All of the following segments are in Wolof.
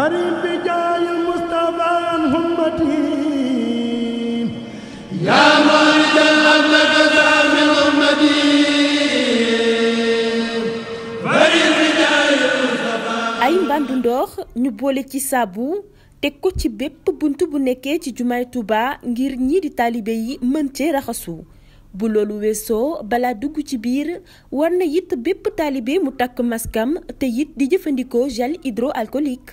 قريب بجاي المصطفى ndox ñu boole ci saabu teg ko ci bépp bunt bu nekkee ci jumaay Tuuba ngir ñii di taalibe yi mën cee raxasu bu loolu weesoo balaa dugg ci biir war na it bépp taalibe mu takk maskam te it di jëfandikoo gel hydroalcoolique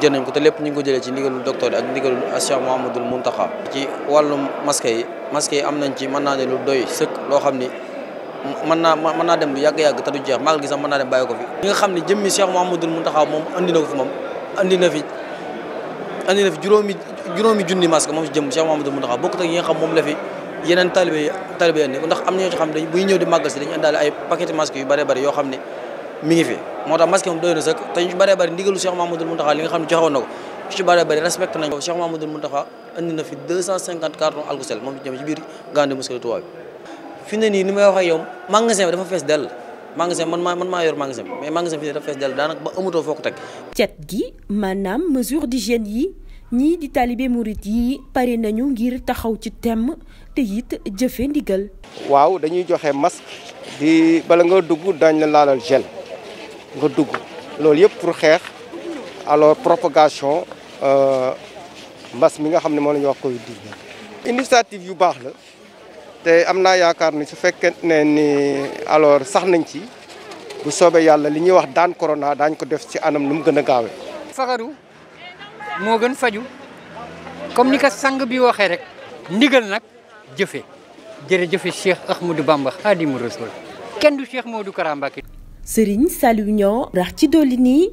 jën nañ ko te lépp ñu ngi ko jëlee ci ndigalul docteur ak ndigalul Cheikh Mouhamadoul Mountakha ci wàllum masque yi masque yi am nañ ci mën naa ne lu doy sëkk loo xam ni mën naa mën naa dem lu yàgg-yàgg te du jeex magal gi sax mën naa dem bàyyi ko fi ñi nga xam ne jëmmi Cheikh Mouhamadoul Mountakha moom andi na ko fi moom moom bokkut ak yi nga xam moom la fi yeneen talibé talibé andi ndax am na ñoo ci xam ne buy ñëw di màggal si dañu àndaale ay paquet masque yu bare bare yoo xam ne mi ngi fi motax tax masque moom doy na sëkk te ñu ci bari bëri ndigalu Cheikh Mamadou Mountakha li nga xamni ne nako ci bari bari respect nañ ko Cheikh Mamadou Mountakha andi na fi 250 carton alcosel mom jëm ci biir gande monsieur Touba fi ne nii ni may wax ak yow magasin dafa fess del magasin man maa man ma yor magasin mais magasin fi dafa fess del daanaka ba amuto foko tek ciet gi manam mesure d'hygiène yi ñii di talibé mourid yi paré nañu ngir taxaw ci temm te yit jëfé ndigal waaw dañuy joxé masque di bala nga dugg dañ la laal gel nga dugg loolu yëpp pour xeex alors propagation euh, mbas mi nga xam ne moo la ñu wax Covid 19. initiative yu baax la te am naa yaakaar ni su fekkee ne ni alors sax nañ ci bu soobee yàlla li ñuy wax daan corona daañ ko def ci anam nu mu gën a gaawee. fagaru moo gën faju comme ni ko sang bi waxee rek ndigal nag jëfe jërëjëfe Cheikh Ahmadou Bamba Xaadimu Rasul kenn du Cheikh Modou Kara Serigne Saliou Niang rax ci dolli nii.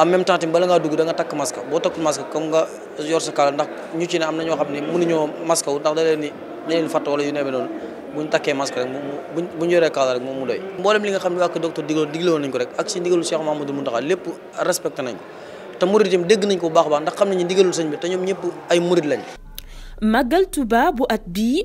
en même temps tamit bala ngaa dugg da takk masque boo takk masque comme nga yor sa kaala ndax ñu ci ne am na ñoo xam ne mënuñoo masque wu ndax da leen ni da leen fàtte wala yu noonu mu bu mboolem li nga xam ne waa ko docteur digloon digloon nañ ko rek ak si ndigalu Cheikh Mamadou Mountakha lépp respecté nañ te murid itam nañ ko baax baax ndax xam nañu ndigalul sëñ bi te ñoom ñëpp ay murid lañ. Màggal Tuuba bu at bii